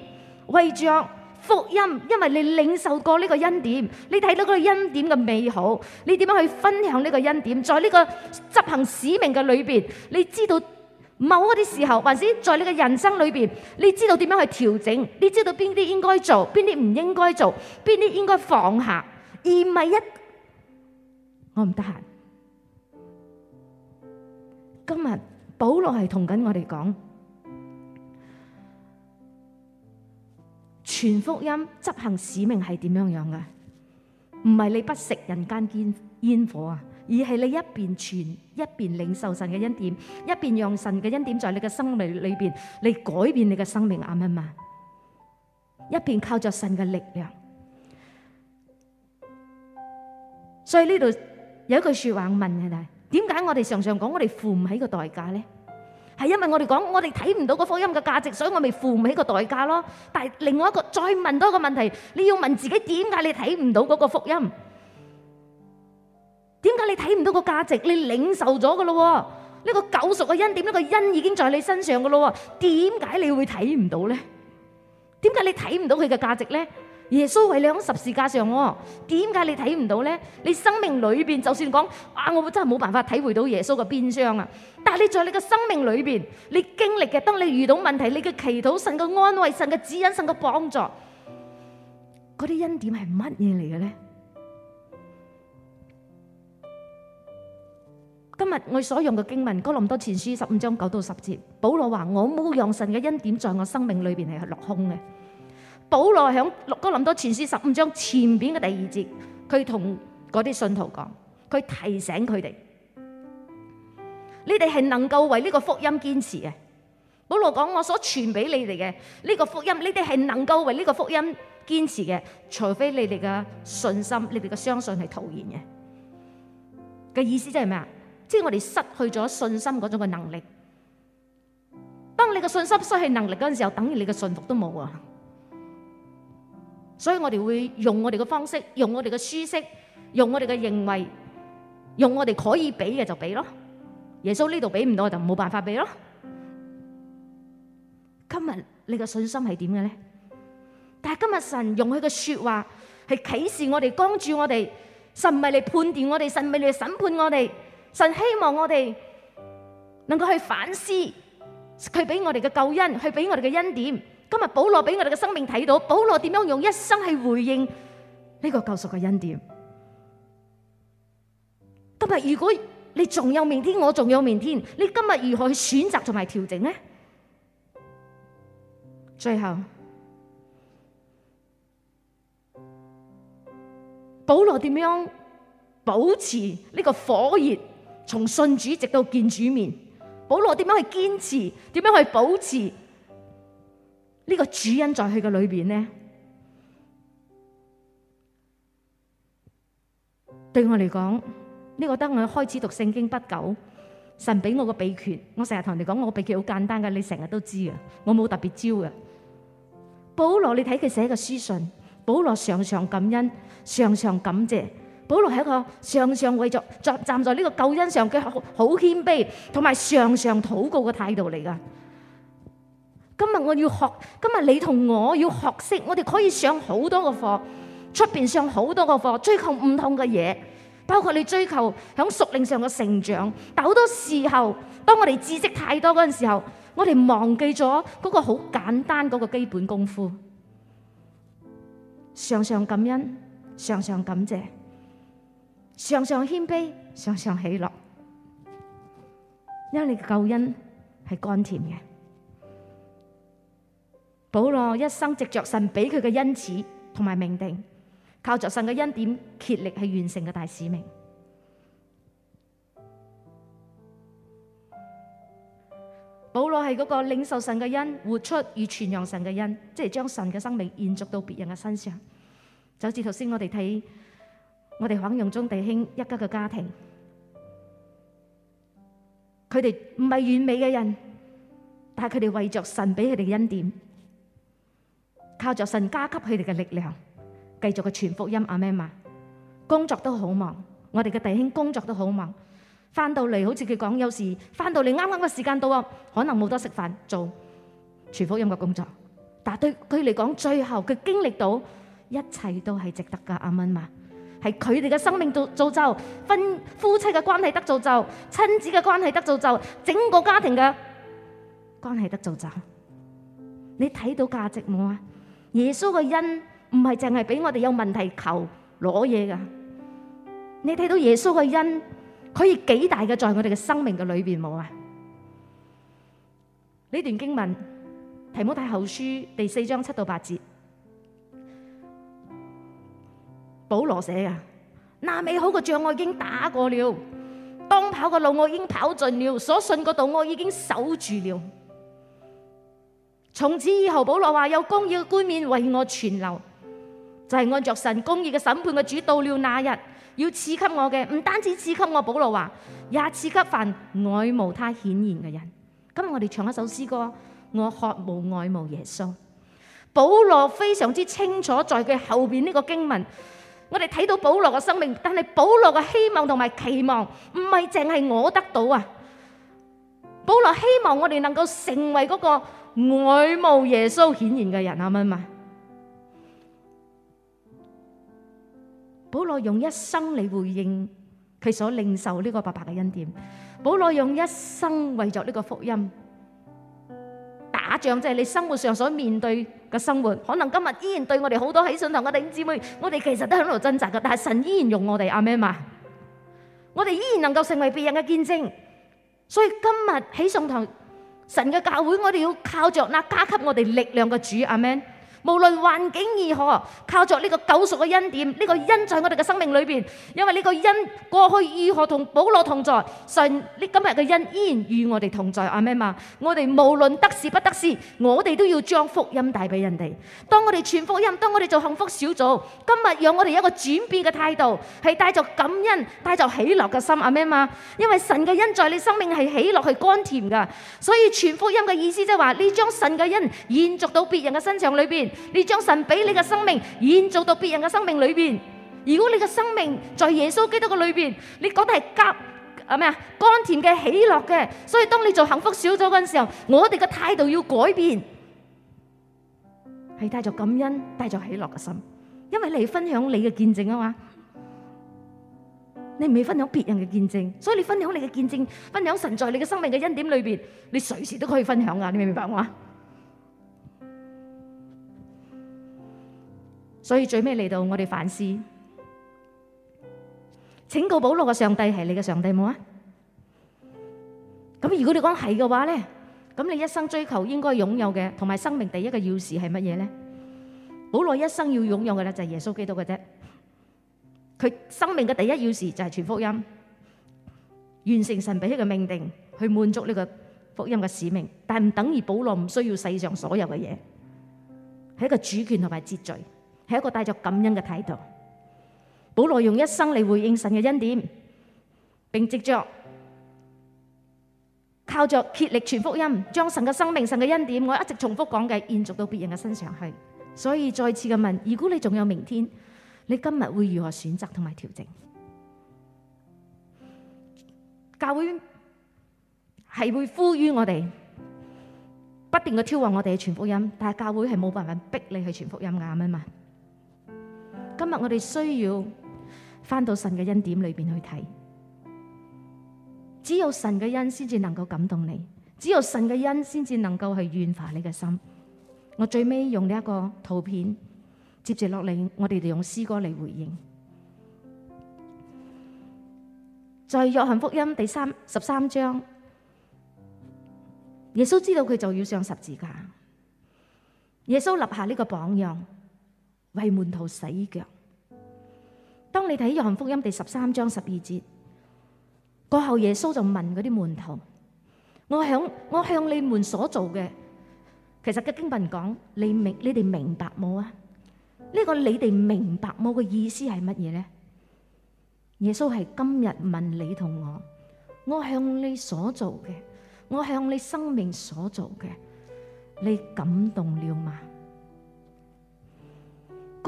為着。福音，因為你領受過呢個恩典，你睇到嗰個恩典嘅美好，你點樣去分享呢個恩典？在呢個執行使命嘅裏邊，你知道某一啲時候，還是在你嘅人生裏邊，你知道點樣去調整？你知道邊啲應該做，邊啲唔應該做，邊啲應該放下，而唔係一我唔得閒。今日保羅係同緊我哋講。傳福音、執行使命係點樣樣嘅？唔係你不食人間煙煙火啊，而係你一邊傳，一邊領受神嘅恩典，一邊讓神嘅恩典在你嘅生命裏邊，嚟改變你嘅生命，啱唔啱？一邊靠著神嘅力量。所以呢度有一句說話，我問人哋：點解我哋常常講我哋付唔起個代價咧？係因為我哋講，我哋睇唔到個福音嘅價值，所以我咪付唔起個代價咯。但係另外一個，再問多一個問題，你要問自己點解你睇唔到嗰個福音？點解你睇唔到個價值？你領受咗嘅咯，呢個救贖嘅恩，點解呢個恩已經在你身上嘅咯？點解你會睇唔到呢？點解你睇唔到佢嘅價值呢？耶穌為你喺十字架上，哦，點解你睇唔到呢？你生命裏邊，就算講，哇、啊，我真係冇辦法體會到耶穌嘅邊疆啊！但係你在你嘅生命裏邊，你經歷嘅，當你遇到問題，你嘅祈禱、神嘅安慰、神嘅指引、神嘅幫助，嗰啲恩典係乜嘢嚟嘅呢？今日我所用嘅經文《哥林多前書》十五章九到十節，保羅話：我冇讓神嘅恩典在我生命裏邊係落空嘅。保羅喺《哥林多前書》十五章前邊嘅第二節，佢同嗰啲信徒講，佢提醒佢哋：「你哋係能夠為呢個福音堅持嘅。」保羅講：「我所傳俾你哋嘅呢個福音，你哋係能夠為呢個福音堅持嘅，除非你哋嘅信心、你哋嘅相信係徒然嘅。」嘅意思即係咩啊？即係我哋失去咗信心嗰種嘅能力。當你嘅信心失去能力嗰陣時候，等於你嘅信服都冇啊！所以我哋會用我哋嘅方式，用我哋嘅舒適，用我哋嘅認為，用我哋可以俾嘅就俾咯。耶穌呢度俾唔到，我就冇辦法俾咯。今日你嘅信心係點嘅咧？但係今日神用佢嘅說話係啟示我哋、幫住我哋，神唔係嚟判斷我哋，神唔係嚟審判我哋，神希望我哋能夠去反思佢俾我哋嘅救恩，去俾我哋嘅恩典。今日保羅俾我哋嘅生命睇到，保羅點樣用一生去回應呢個救贖嘅恩典。今日如果你仲有明天，我仲有明天，你今日如何去選擇同埋調整呢？最後，保羅點樣保持呢個火熱？從信主直到見主面，保羅點樣去堅持？點樣去保持？呢個主因在佢嘅裏邊呢？對我嚟講，呢個得我開始讀聖經不久，神俾我個秘訣，我成日同人哋講，我秘訣好簡單噶，你成日都知嘅，我冇特別招嘅。保羅，你睇佢寫嘅書信，保羅常常感恩，常常感謝，保羅係一個常常為着站站在呢個救恩上嘅好謙卑，同埋常常禱告嘅態度嚟噶。今日我要學，今日你同我要學識，我哋可以上好多個課，出邊上好多個課，追求唔同嘅嘢，包括你追求響熟齡上嘅成長。但好多時候，當我哋知識太多嗰陣時候，我哋忘記咗嗰個好簡單嗰個基本功夫，常常感恩，常常感謝，常常謙卑，常常喜樂，因為你嘅救恩係甘甜嘅。保羅一生藉著神俾佢嘅恩賜同埋命定，靠着神嘅恩典竭力去完成嘅大使命。保羅係嗰個領受神嘅恩，活出與傳揚神嘅恩，即係將神嘅生命延續到別人嘅身上。就好似頭先我哋睇，我哋享用中弟兄一家嘅家庭，佢哋唔係完美嘅人，但係佢哋為著神俾佢哋嘅恩典。靠著神加給佢哋嘅力量，繼續嘅全福音，阿媽嘛，工作都好忙，我哋嘅弟兄工作都好忙，翻到嚟好似佢講，有時翻到嚟啱啱嘅時間到啊，可能冇得食飯做全福音嘅工作，但係對佢嚟講，最後佢經歷到一切都係值得噶，阿媽嘛，係佢哋嘅生命造造就，分夫妻嘅關係得造就，親子嘅關係得造就，整個家庭嘅關係得造就，你睇到價值冇啊？耶穌嘅恩唔係淨係俾我哋有問題求攞嘢噶，你睇到耶穌嘅恩可以幾大嘅在我哋嘅生命嘅裏邊冇啊？呢段經文，提摩太後書第四章七到八節，保羅寫啊，那美好嘅仗我已經打過了，當跑嘅路我已經跑盡了，所信嘅道我已經守住了。從此以後，保羅話有公義嘅冠冕為我存留，就係按着神公義嘅審判嘅主，到了那日要賜給我嘅，唔單止賜給我，保羅話也賜給凡愛慕他顯現嘅人。今日我哋唱一首詩歌，我渴慕愛慕耶穌。保羅非常之清楚，在佢後邊呢個經文，我哋睇到保羅嘅生命，但係保羅嘅希望同埋期望唔係淨係我得到啊！保羅希望我哋能夠成為嗰、那個。愛慕耶穌顯現嘅人，阿們。保羅用一生嚟回應佢所領受呢個白白嘅恩典。保羅用一生為咗呢個福音打仗，即係你生活上所面對嘅生活，可能今日依然對我哋好多喺信堂嘅弟兄姊妹，我哋其實都喺度掙扎㗎，但係神依然用我哋，阿們，我哋依然能夠成為別人嘅見證。所以今日喺信堂。神嘅教會，我哋要靠着那加給我哋力量嘅主，阿們。無論環境如何，靠着呢個救贖嘅恩典，呢個恩在我哋嘅生命裏邊。因為呢個恩過去如何同保羅同在，神你今日嘅恩依然與我哋同在。阿們嘛，我哋無論得時不得時，我哋都要將福音帶俾人哋。當我哋傳福音，當我哋做幸福小組，今日讓我哋有一個轉變嘅態度，係帶着感恩、帶着喜樂嘅心。阿們嘛，因為神嘅恩在你生命係喜樂、係甘甜噶。所以傳福音嘅意思即係話你將神嘅恩延續到別人嘅身上裏邊。你將神俾你嘅生命延續到別人嘅生命裏邊。如果你嘅生命在耶穌基督嘅裏邊，你覺得係甘啊咩啊？甘甜嘅喜樂嘅。所以當你做幸福小組嗰陣時候，我哋嘅態度要改變，係帶住感恩、帶住喜樂嘅心，因為你分享你嘅見證啊嘛。你唔係分享別人嘅見證，所以你分享你嘅見證，分享神在你嘅生命嘅恩典裏邊，你隨時都可以分享啊！你明唔明白我啊？所以最尾嚟到，我哋反思，請告保羅嘅上帝係你嘅上帝冇啊？咁如果你講係嘅話咧，咁你一生追求應該擁有嘅同埋生命第一個要事係乜嘢咧？保羅一生要擁有嘅咧就係耶穌基督嘅啫。佢生命嘅第一要事就係傳福音，完成神俾佢嘅命定，去滿足呢個福音嘅使命。但唔等於保羅唔需要世上所有嘅嘢，係一個主權同埋秩序。係一個帶着感恩嘅態度，保羅用一生嚟回應神嘅恩典，並執着靠著竭力傳福音，將神嘅生命、神嘅恩典，我一直重複講嘅延續到別人嘅身上去。所以再次噉問，如果你仲有明天，你今日會如何選擇同埋調整？教會係會呼籲我哋不斷嘅挑旺我哋嘅傳福音，但係教會係冇辦法逼你去傳福音噶，啱啊嘛。今日我哋需要翻到神嘅恩典裏邊去睇，只有神嘅恩先至能夠感動你，只有神嘅恩先至能夠去軟化你嘅心。我最尾用呢一個圖片，接住落嚟，我哋就用詩歌嚟回應，就是。在約翰福音第三十三章，耶穌知道佢就要上十字架，耶穌立下呢個榜樣。為門徒洗腳。當你睇約翰福音第十三章十二節，過後耶穌就問嗰啲門徒：我向我向你們所做嘅，其實嘅經文講，你明你哋明白冇啊？呢個你哋明白冇嘅意思係乜嘢呢？耶穌係今日問你同我：我向你所做嘅，我向你生命所做嘅，你感動了嗎？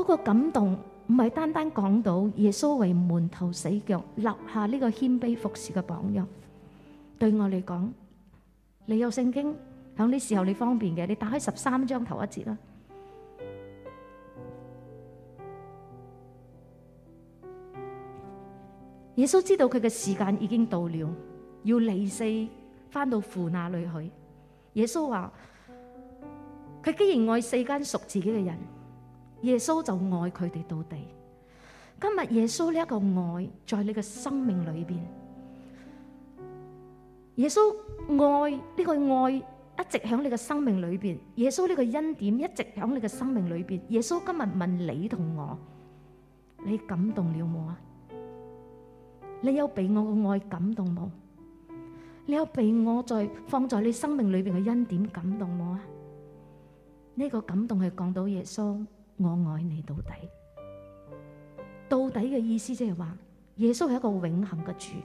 嗰個感動唔係單單講到耶穌為門徒洗腳立下呢個謙卑服侍嘅榜樣，對我嚟講，你有聖經響呢時候你方便嘅，你打開十三章頭一節啦。耶穌知道佢嘅時間已經到了，要離世返到父那裏去。耶穌話：佢既然愛世間屬自己嘅人。耶穌就愛佢哋到底。今日耶穌呢一個愛，在你嘅生命裏邊，耶穌愛呢個愛一直響你嘅生命裏邊。耶穌呢個恩典一直響你嘅生命裏邊。耶穌今日問你同我，你感動了冇啊？你有畀我個愛感動冇？你有畀我在放在你生命裏邊嘅恩典感動我啊？呢個感動係講到耶穌。我愛你到底，到底嘅意思即係話耶穌係一個永恒嘅主。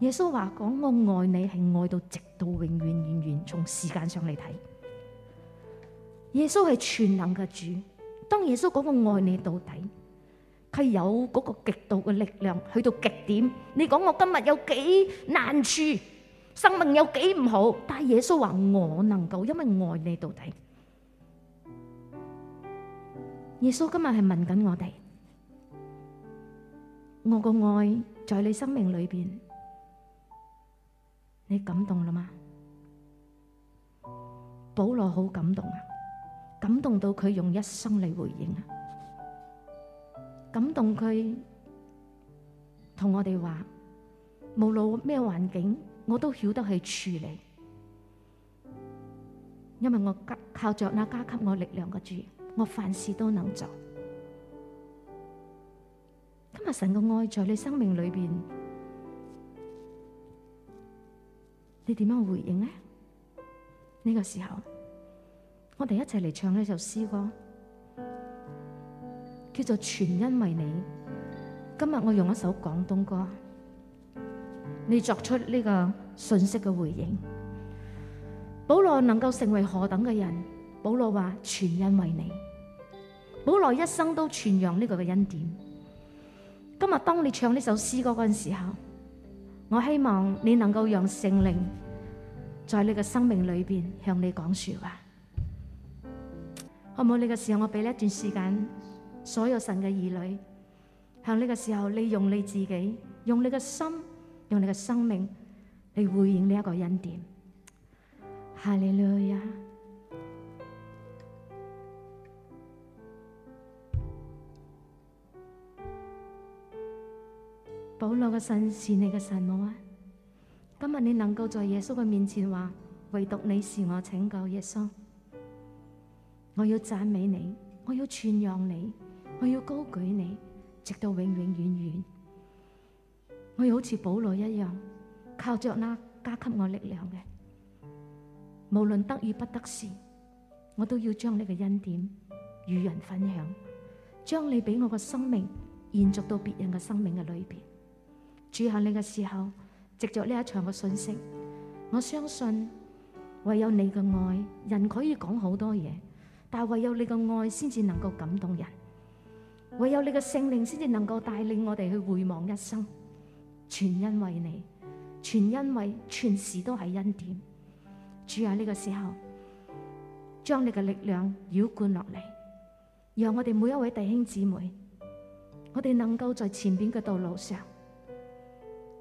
耶穌話講我愛你係愛到直到永遠。永遠從時間上嚟睇，耶穌係全能嘅主。當耶穌講我愛你到底，佢有嗰個極度嘅力量去到極點。你講我今日有幾難處，生命有幾唔好，但係耶穌話我能夠，因為愛你到底。耶穌今日係問緊我哋，我個愛在你生命裏邊，你感動了嗎？保羅好感動啊，感動到佢用一生嚟回應啊，感動佢同我哋話，無論咩環境，我都曉得去處理，因為我靠着那加給我的力量嘅主。我凡事都能做。今日神嘅愛在你生命裏邊，你點樣回應呢？呢個時候，我哋一齊嚟唱呢首詩歌，叫做《全因為你》。今日我用一首廣東歌，你作出呢個信息嘅回應。保羅能夠成為何等嘅人？保羅話：全因為你，保羅一生都傳揚呢個嘅恩典。今日當你唱呢首詩歌嗰陣時候，我希望你能夠讓聖靈在你嘅生命裏邊向你講說話好。好唔好？呢個時候，我俾你一段時間，所有神嘅兒女，向呢個時候，你用你自己，用你嘅心，用你嘅生命嚟回應呢一個恩典。哈利路亞。保羅嘅神是你嘅神麼？今日你能夠在耶穌嘅面前話，唯獨你是我拯救耶穌。我要讚美你，我要傳揚你，我要高舉你，直到永永遠遠。我要好似保羅一樣，靠着那加給我力量嘅，無論得與不得時，我都要將你嘅恩典與人分享，將你俾我嘅生命延續到別人嘅生命嘅裏邊。主下你嘅時候，藉著呢一場嘅信息，我相信唯有你嘅愛人可以講好多嘢，但唯有你嘅愛先至能夠感動人，唯有你嘅聖靈先至能夠帶領我哋去回望一生。全因為你，全因為全時都係恩典。住下呢個時候，將你嘅力量澆灌落嚟，讓我哋每一位弟兄姊妹，我哋能夠在前面嘅道路上。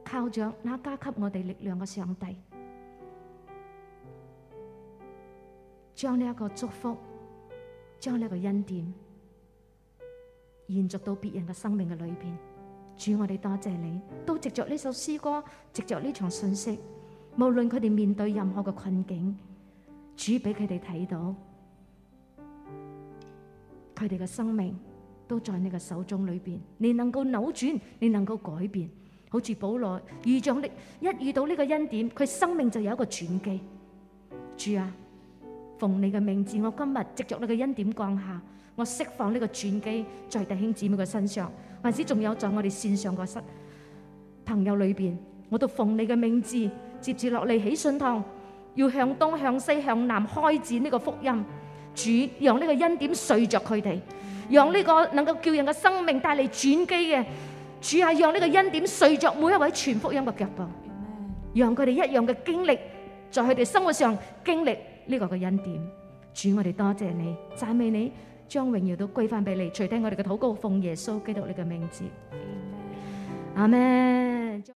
靠着那加給我哋力量嘅上帝，將呢一個祝福，將呢個恩典延續到別人嘅生命嘅裏邊。主，我哋多謝你，都藉着呢首詩歌，藉着呢場信息，無論佢哋面對任何嘅困境，主俾佢哋睇到，佢哋嘅生命都在你嘅手中裏邊，你能夠扭轉，你能夠改變。好似保羅遇着呢一遇到呢個恩典，佢生命就有一個轉機。主啊，奉你嘅名字，我今日藉着呢個恩典降下，我釋放呢個轉機在弟兄姊妹嘅身上，甚至仲有在我哋線上個身朋友裏邊，我都奉你嘅名字接住落嚟起信堂，要向東向西向南開展呢個福音。主讓呢個恩典隨着佢哋，讓呢個能夠叫人嘅生命帶嚟轉機嘅。主啊，讓呢個恩典睡着每一位全福音嘅腳步，讓佢哋一樣嘅經歷，在佢哋生活上經歷呢個嘅恩典。主，我哋多謝你，讚美你，將榮耀都歸翻俾你，隨聽我哋嘅禱告，奉耶穌基督你嘅名字。阿們。